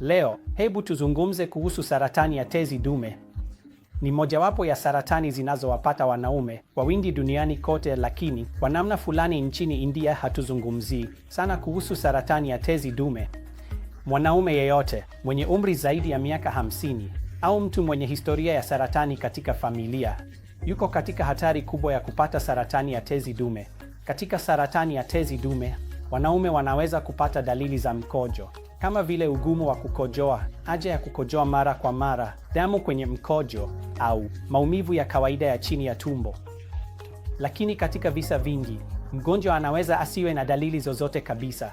Leo hebu tuzungumze kuhusu saratani ya tezi dume. Ni mojawapo ya saratani zinazowapata wanaume kwa wingi duniani kote, lakini kwa namna fulani nchini India hatuzungumzii sana kuhusu saratani ya tezi dume. Mwanaume yeyote mwenye umri zaidi ya miaka hamsini au mtu mwenye historia ya saratani katika familia yuko katika hatari kubwa ya kupata saratani ya tezi dume. Katika saratani ya tezi dume Wanaume wanaweza kupata dalili za mkojo kama vile ugumu wa kukojoa, haja ya kukojoa mara kwa mara, damu kwenye mkojo au maumivu ya kawaida ya chini ya tumbo. Lakini katika visa vingi, mgonjwa anaweza asiwe na dalili zozote kabisa,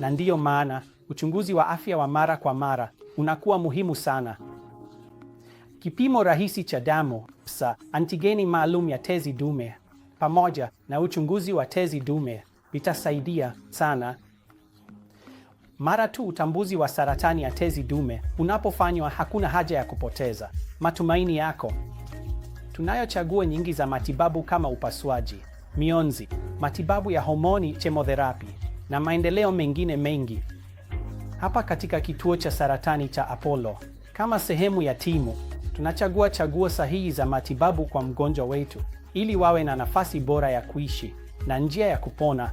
na ndiyo maana uchunguzi wa afya wa mara kwa mara unakuwa muhimu sana. Kipimo rahisi cha damu PSA, antigeni maalum ya tezi dume, pamoja na uchunguzi wa tezi dume vitasaidia sana. Mara tu utambuzi wa saratani ya tezi dume unapofanywa, hakuna haja ya kupoteza matumaini yako. Tunayo chaguo nyingi za matibabu kama upasuaji, mionzi, matibabu ya homoni, chemotherapi na maendeleo mengine mengi hapa katika kituo cha saratani cha Apollo. Kama sehemu ya timu, tunachagua chaguo sahihi za matibabu kwa mgonjwa wetu ili wawe na nafasi bora ya kuishi na njia ya kupona